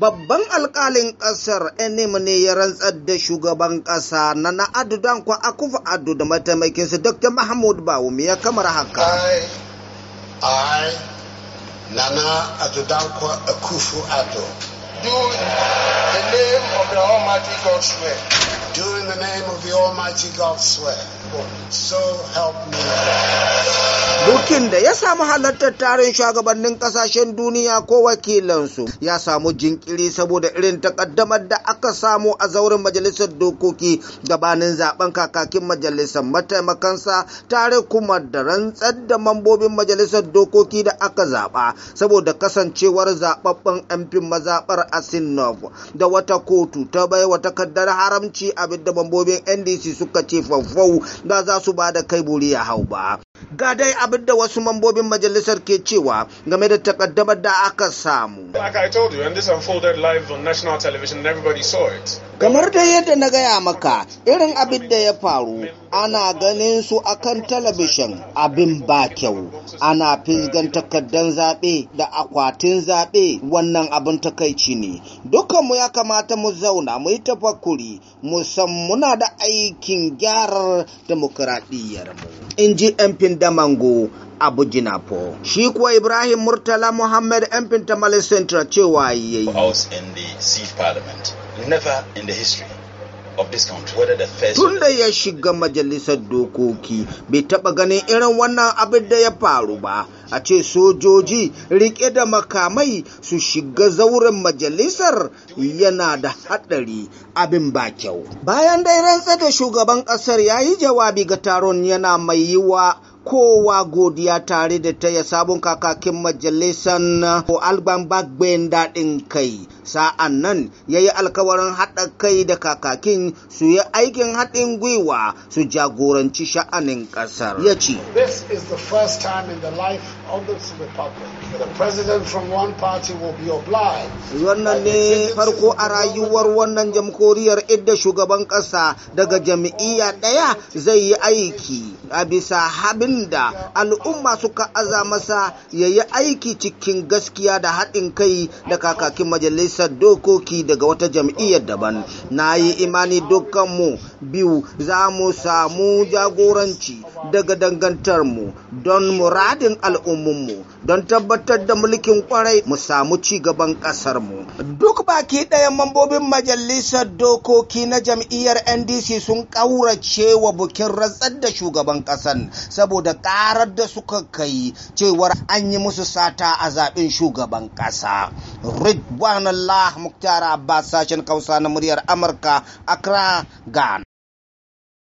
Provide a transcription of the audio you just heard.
babban alkalin kasar enim ne ya rantsar da shugaban kasa na na adudan kwa akufa adu da mataimakinsa dr mahmud bawum ya kamar haka I, Nana Adodankwa Akufu Ado. Do the name of the Almighty God swear. Do in the name of the Almighty God swear. So help me. Bukin da ya samu halartar tarin shugabannin kasashen duniya ko wakilansu ya samu jinkiri saboda irin takaddamar da aka samu a zauren majalisar dokoki gabanin zaben kakakin majalisar mataimakansa tare kuma da rantsar da mambobin majalisar dokoki da aka zaba saboda kasancewar zababban MP mazabar Asinov da wata kotu ta bai wa takaddar haramci abin da mambobin NDC suka ce fafau da za su ba da kai buri ya hau ba. ga dai abin da wasu mambobin majalisar ke cewa game da takaddamar da aka samu. Like I told you, and this unfolded live on national television and everybody saw it. kamar da yadda na gaya maka irin abin da ya faru ana ganin su a kan talabishin abin ba kyau ana fisgan takardar zaɓe da akwatin zaɓe wannan abin takaici ne dukanmu ya kamata mu zauna mu yi tafakuri mu san muna da aikin gyarar mu. in ji 'yan Damango abu jinapo shi kuwa ibrahim murtala muhammad yan fintamali central cewa yayi tun da ya shiga majalisar dokoki bai taɓa ganin irin wannan abin da ya faru ba a ce sojoji rike da makamai su shiga zauren majalisar yana da haɗari abin ba kyau bayan dai rantsa da shugaban ƙasar ya yi jawabi ga taron yana mai yiwa kowa godiya tare da taya sabon kakakin majalisan alban bagben daɗin kai sa'an nan ya yi alkawarin haɗa kai da kakakin su yi aikin haɗin gwiwa su jagoranci sha'anin ƙasar ya ce this is the first time in the life Wannan ne farko a rayuwar wannan jamhuriyar idda shugaban ƙasa daga jam'iyya ɗaya zai yi aiki a bisa habin da al'umma suka aza masa ya yi aiki cikin gaskiya da haɗin kai da kakakin majalisar dokoki daga wata jam'iyyar daban. Na yi imani dukkanmu biyu za mu samu jagoranci daga dangantarmu don muradin al'ummunmu don tabbatar da mulkin kwarai mu samu ci gaban ƙasarmu. Duk baki ɗaya mambobin majalisar dokoki na jam'iyyar NDC sun ƙaurace wa bukin rantsar da shugaban ƙasan saboda ƙarar da suka kai cewar an yi musu sata a zaɓen shugaban ƙasa. Ridwan Allah Muktar Abbas sashen Kausa na muryar Amurka, Accra, Ghana.